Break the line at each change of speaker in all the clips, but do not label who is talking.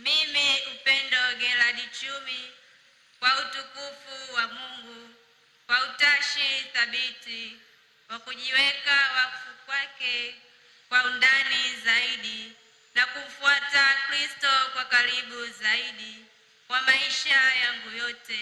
Mimi Upendo Gerald Chumi, kwa utukufu wa Mungu, kwa utashi thabiti wa kujiweka wakfu kwake kwa undani zaidi na kumfuata Kristo kwa karibu zaidi kwa maisha yangu yote,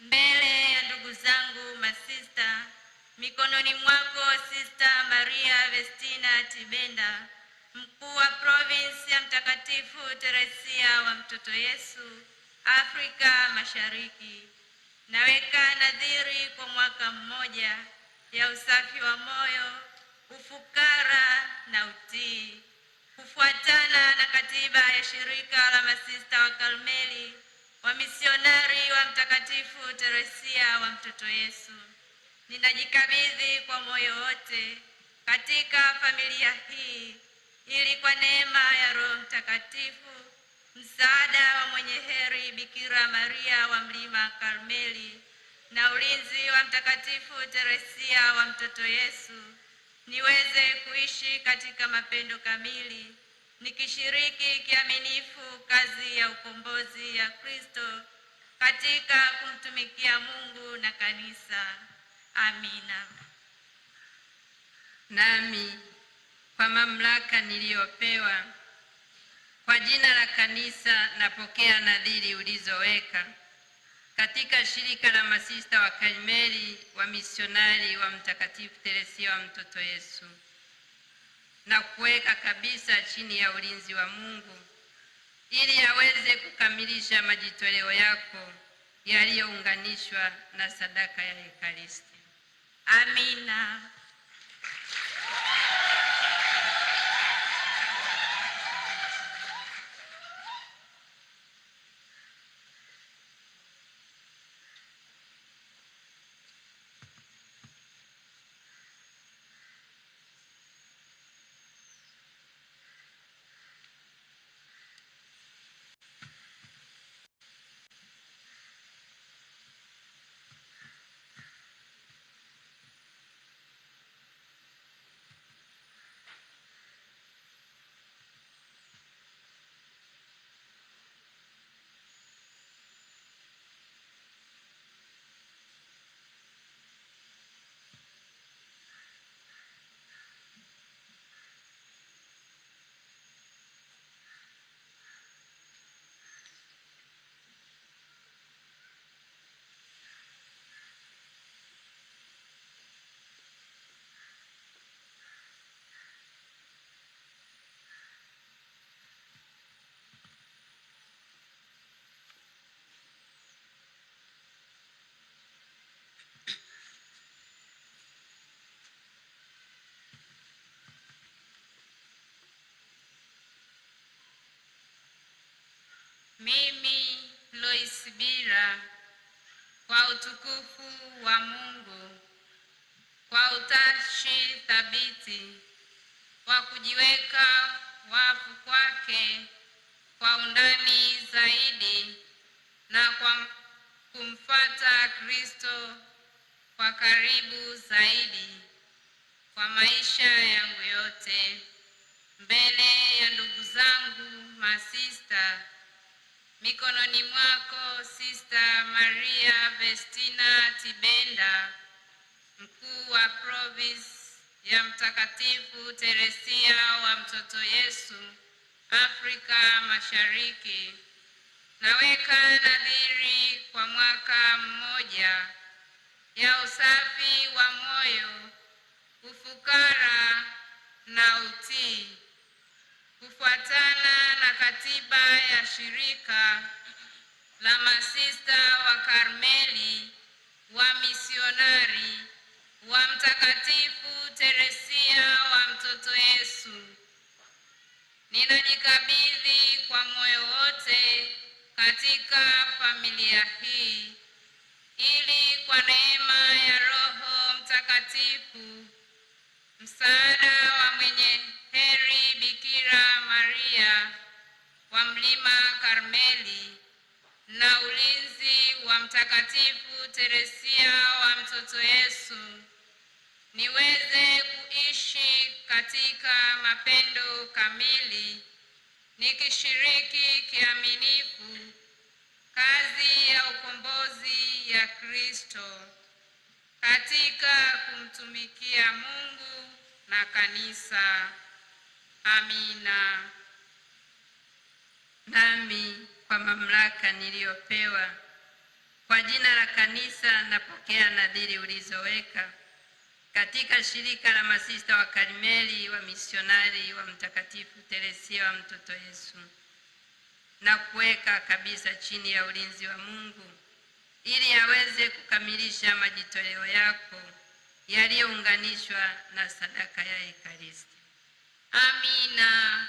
mbele ya ndugu zangu masista, mikononi mwako Sista Maria Vestina Tibenda mkuu wa provinsi ya Mtakatifu Teresia wa Mtoto Yesu Afrika Mashariki, naweka nadhiri kwa mwaka mmoja ya usafi wa moyo, ufukara na utii, kufuatana na katiba ya shirika la masista wa Karmeli wa misionari wa Mtakatifu Teresia wa Mtoto Yesu. Ninajikabidhi kwa moyo wote katika familia hii ili kwa neema ya Roho Mtakatifu, msaada wa mwenye heri Bikira Maria wa mlima Karmeli na ulinzi wa Mtakatifu Teresia wa mtoto Yesu, niweze kuishi katika mapendo kamili, nikishiriki kiaminifu kazi ya ukombozi ya Kristo katika kumtumikia Mungu na kanisa. Amina.
Nami kwa mamlaka niliyopewa. Kwa jina la kanisa napokea nadhiri ulizoweka katika shirika la masista wa Karmeli wa misionari wa Mtakatifu Teresia wa mtoto Yesu na kuweka kabisa chini ya ulinzi wa Mungu ili aweze kukamilisha majitoleo yako yaliyounganishwa na sadaka ya Ekaristi. Amina.
Mimi Lois Bira, kwa utukufu wa Mungu, kwa utashi thabiti wa kujiweka wafu kwake kwa undani zaidi na kwa kumfata Kristo kwa karibu zaidi kwa maisha yangu yote mbele ya ndugu zangu masista mikononi mwako Sister Maria Vestina Tibenda, mkuu wa province ya Mtakatifu Teresia wa Mtoto Yesu Afrika Mashariki. Naweka nadhiri kwa mwaka mmoja ya usafi wa moyo, ufukara na utii kufuatana na katiba ya shirika la masista wa Karmeli wa misionari wa Mtakatifu Teresia wa mtoto Yesu, ninajikabidhi kwa moyo wote katika familia hii ili kwa neema ya Roho Mtakatifu msaada raia wa mlima Karmeli na ulinzi wa Mtakatifu Teresia wa mtoto Yesu, niweze kuishi katika mapendo kamili, nikishiriki kiaminifu kazi ya ukombozi ya Kristo katika kumtumikia Mungu na kanisa. Amina
nami kwa mamlaka niliyopewa kwa jina la kanisa napokea nadhiri ulizoweka katika shirika la masista wa Karmeli wa misionari wa Mtakatifu Teresia wa mtoto Yesu na kuweka kabisa chini ya ulinzi wa Mungu ili aweze kukamilisha majitoleo yako yaliyounganishwa na sadaka ya Ekaristi. Amina.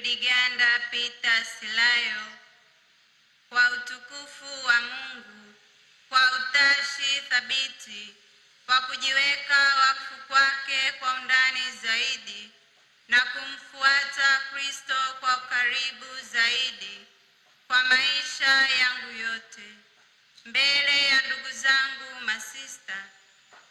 Liganda Peter Silayo, kwa utukufu wa Mungu, kwa utashi thabiti, kwa kujiweka wakfu kwake kwa undani zaidi na kumfuata Kristo kwa ukaribu zaidi kwa maisha yangu yote. Mbele ya ndugu zangu masista,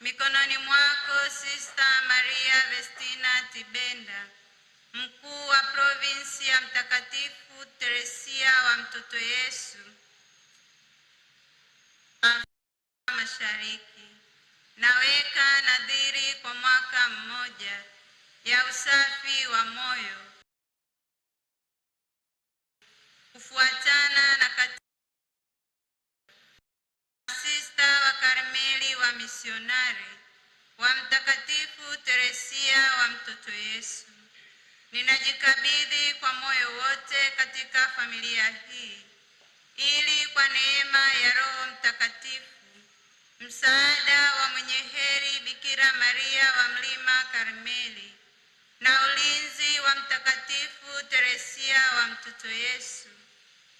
mikononi mwako Sista Maria Vestina Tibenda mkuu wa provinsi ya Mtakatifu Teresia wa mtoto Yesu Afrika Mashariki, naweka nadhiri kwa mwaka mmoja ya usafi wa moyo kufuatana na katiba masista wa Karmeli wa misionari wa Mtakatifu Teresia wa mtoto Yesu. Ninajikabidhi kwa moyo wote katika familia hii ili kwa neema ya Roho Mtakatifu, msaada wa mwenye heri Bikira Maria wa Mlima Karmeli na ulinzi wa Mtakatifu Teresia wa Mtoto Yesu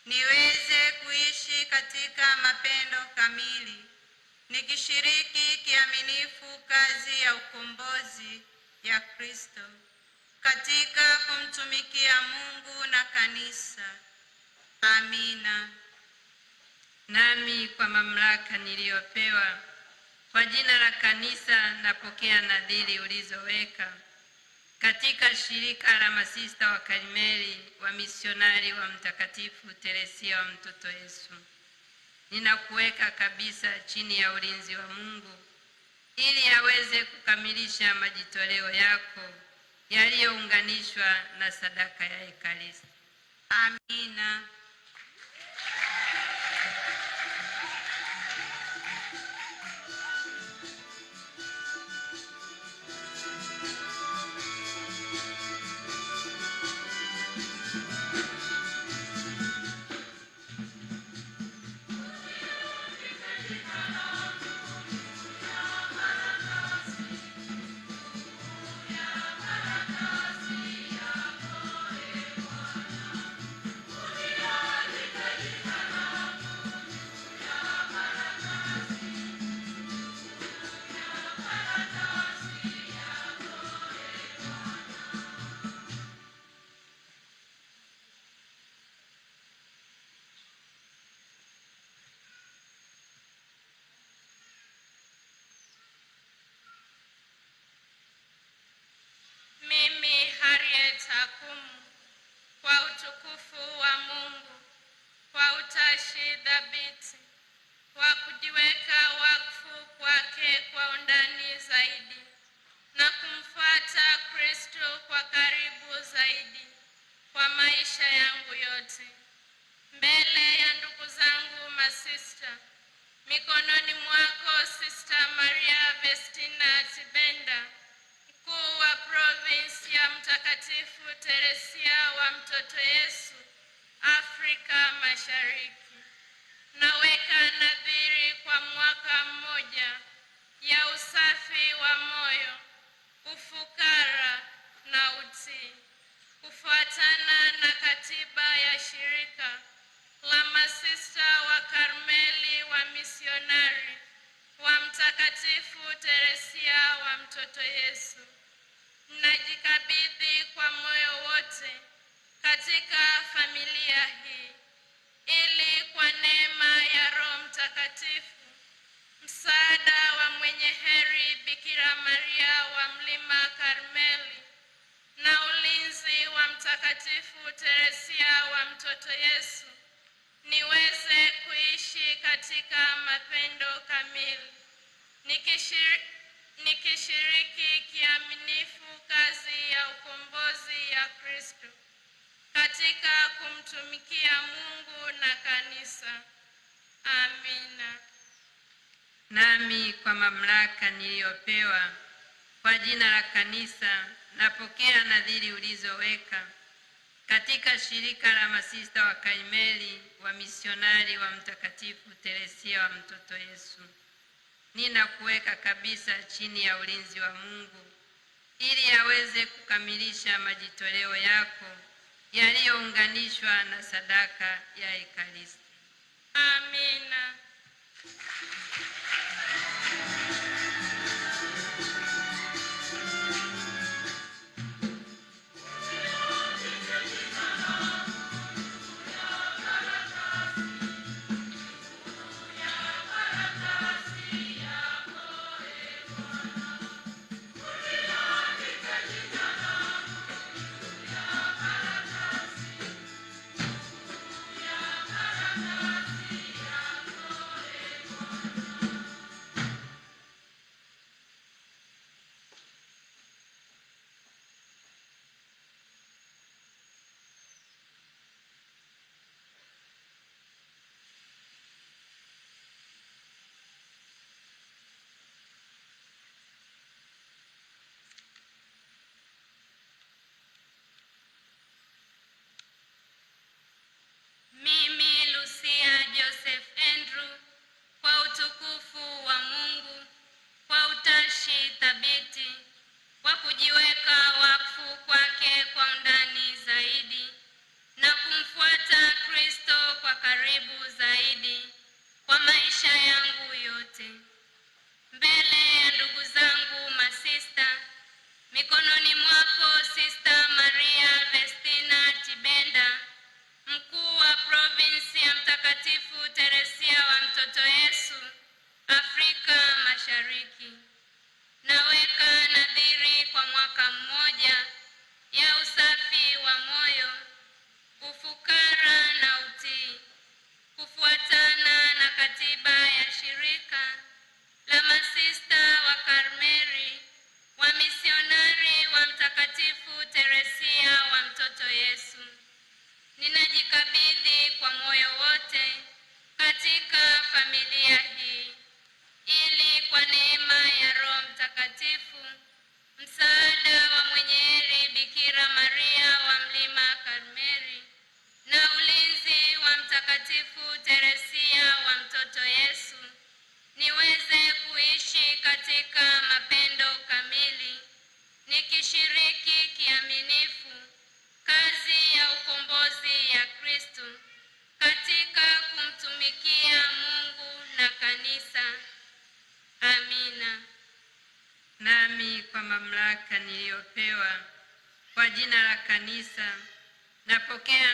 niweze kuishi katika mapendo kamili nikishiriki kiaminifu kazi ya ukombozi ya Kristo katika kumtumikia Mungu na kanisa. Amina.
Nami kwa mamlaka niliyopewa kwa jina la kanisa napokea nadhiri ulizoweka katika shirika la masista wa Karmeli wa misionari wa Mtakatifu Teresia wa mtoto Yesu. Ninakuweka kabisa chini ya ulinzi wa Mungu ili aweze kukamilisha majitoleo yako yaliyounganishwa na sadaka ya Ekaristi. Amina.
mimi Harriet Hakumu kwa utukufu wa Mungu kwa utashi dhabiti wa kujiweka wakfu kwake kwa undani zaidi na kumfuata Kristo kwa karibu zaidi kwa maisha yangu yote. Mbele ya ndugu zangu masista, mikononi mwako Sister Maria Vestina Tibenda wa provinsi ya Mtakatifu Teresia wa Mtoto Yesu Afrika Mashariki. Naweka nadhiri kwa mwaka mmoja ya usafi wa moyo, ufukara na utii, kufuatana na katiba ya shirika la masista wa Karmeli wa misionari wa Mtakatifu Teresia wa Mtoto Yesu mnajikabidhi kwa moyo wote katika familia hii ili kwa neema ya Roho Mtakatifu, msaada wa mwenye heri Bikira Maria wa Mlima Karmeli na ulinzi wa Mtakatifu Teresia wa Mtoto Yesu niweze kuishi katika mapendo kamili nikishiriki nikishiriki kiaminifu kazi ya ukombozi ya Kristo katika kumtumikia Mungu na kanisa. Amina.
Nami kwa mamlaka niliyopewa kwa jina la kanisa napokea nadhiri ulizoweka katika shirika la masista wa kaimeli wa misionari wa Mtakatifu Teresia wa mtoto Yesu ninakuweka kabisa chini ya ulinzi wa Mungu ili aweze kukamilisha majitoleo yako yaliyounganishwa na sadaka ya Ekaristi. Amina. mwaka mmoja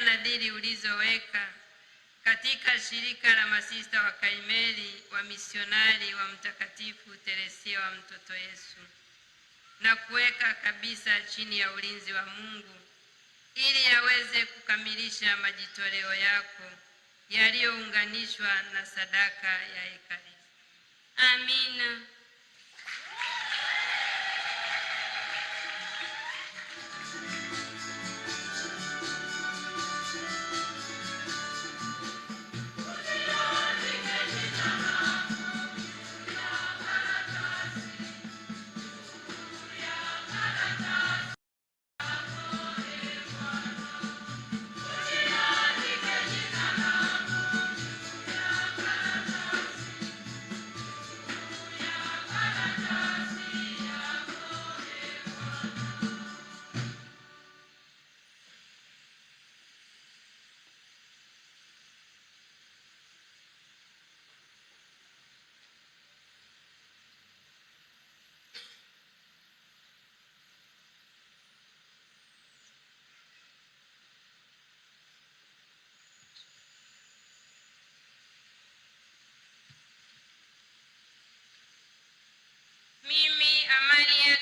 nadhiri ulizoweka katika shirika la masista wa kaimeli wa misionari wa Mtakatifu Teresia wa mtoto Yesu na kuweka kabisa chini ya ulinzi wa Mungu ili yaweze kukamilisha majitoleo yako yaliyounganishwa na sadaka ya Ekaristi. Amina.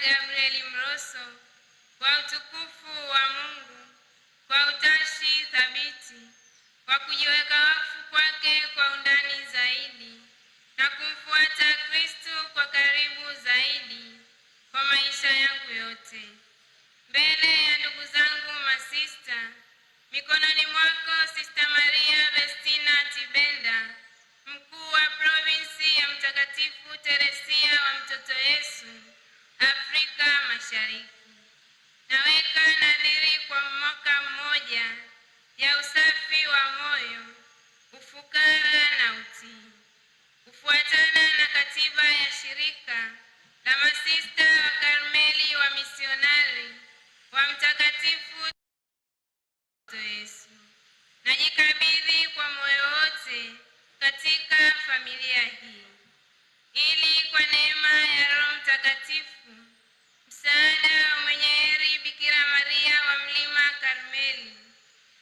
Gabrieli Mroso kwa utukufu wa Mungu, kwa utashi thabiti, kwa kujiweka wakfu kwake kwa undani zaidi na kumfuata Kristo kwa karibu zaidi kwa maisha yangu yote. Mbele ya ndugu zangu masista, mikononi mwako Sista Maria Vestina Tibenda, mkuu wa provinsi ya Mtakatifu Teresia wa Mtoto Yesu Afrika Mashariki. Naweka nadhiri kwa mwaka mmoja ya usafi wa moyo, ufukara na utii, kufuatana na katiba ya shirika la masista wa Karmeli wa misionari wa Mtakatifu Yesu. Najikabidhi kwa moyo wote katika familia hii ili kwa neema ya Roho Mtakatifu, msaada wa mwenye heri Bikira Maria wa Mlima Karmeli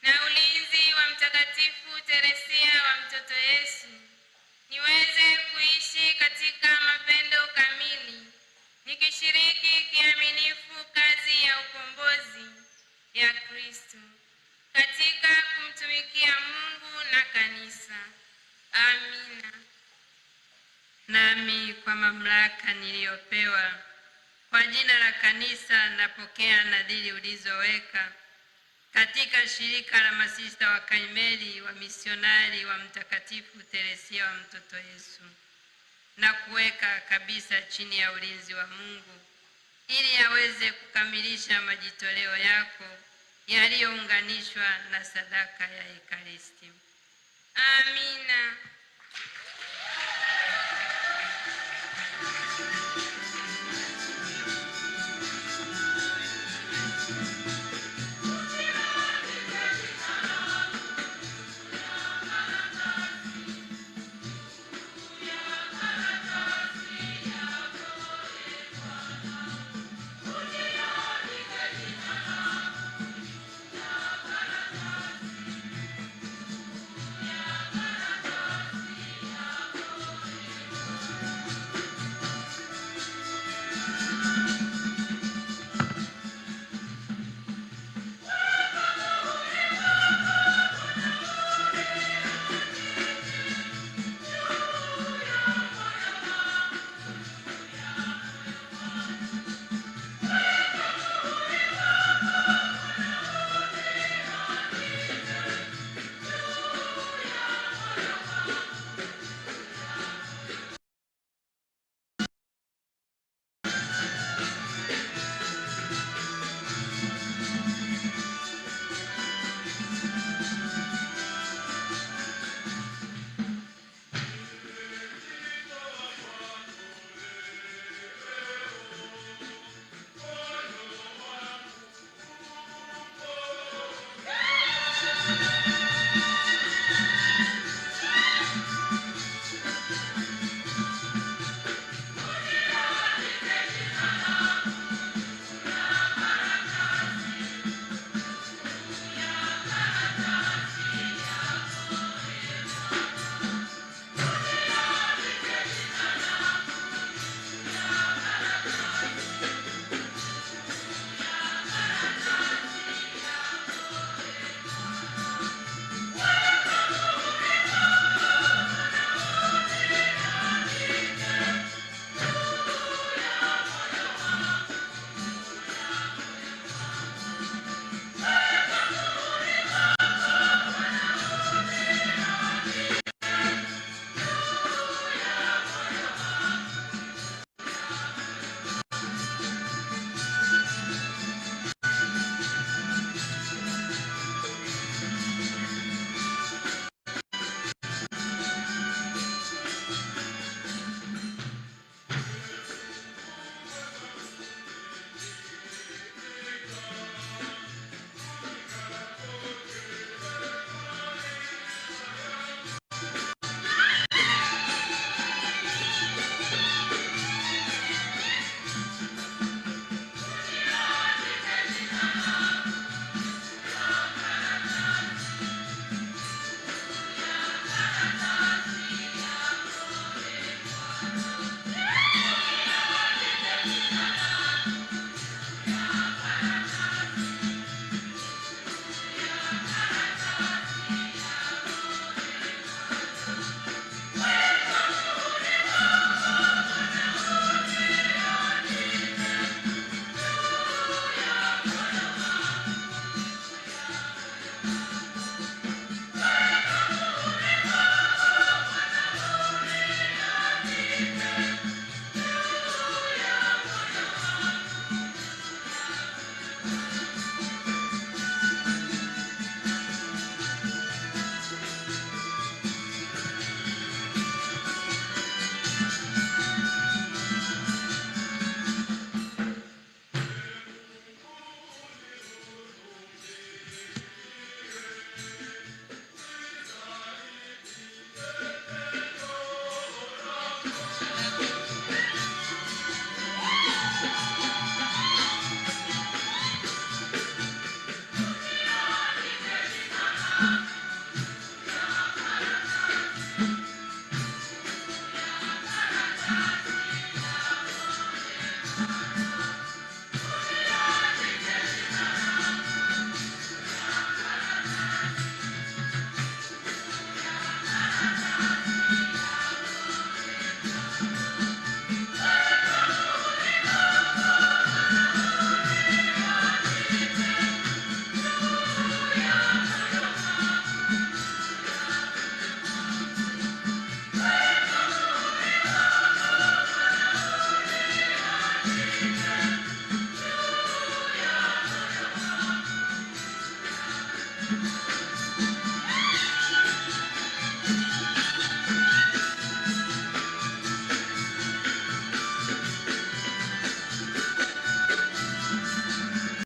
na ulinzi wa Mtakatifu Teresia wa Mtoto Yesu, niweze kuishi katika mapendo kamili, nikishiriki kiaminifu kazi ya ukombozi ya Kristo katika kumtumikia Mungu na kanisa. Amina
nami kwa mamlaka niliyopewa kwa jina la kanisa napokea nadhiri ulizoweka katika shirika la masista wa Karmeli wa misionari wa Mtakatifu Teresia wa mtoto Yesu na kuweka kabisa chini ya ulinzi wa Mungu ili aweze kukamilisha majitoleo yako yaliyounganishwa na sadaka ya Ekaristi. Amina.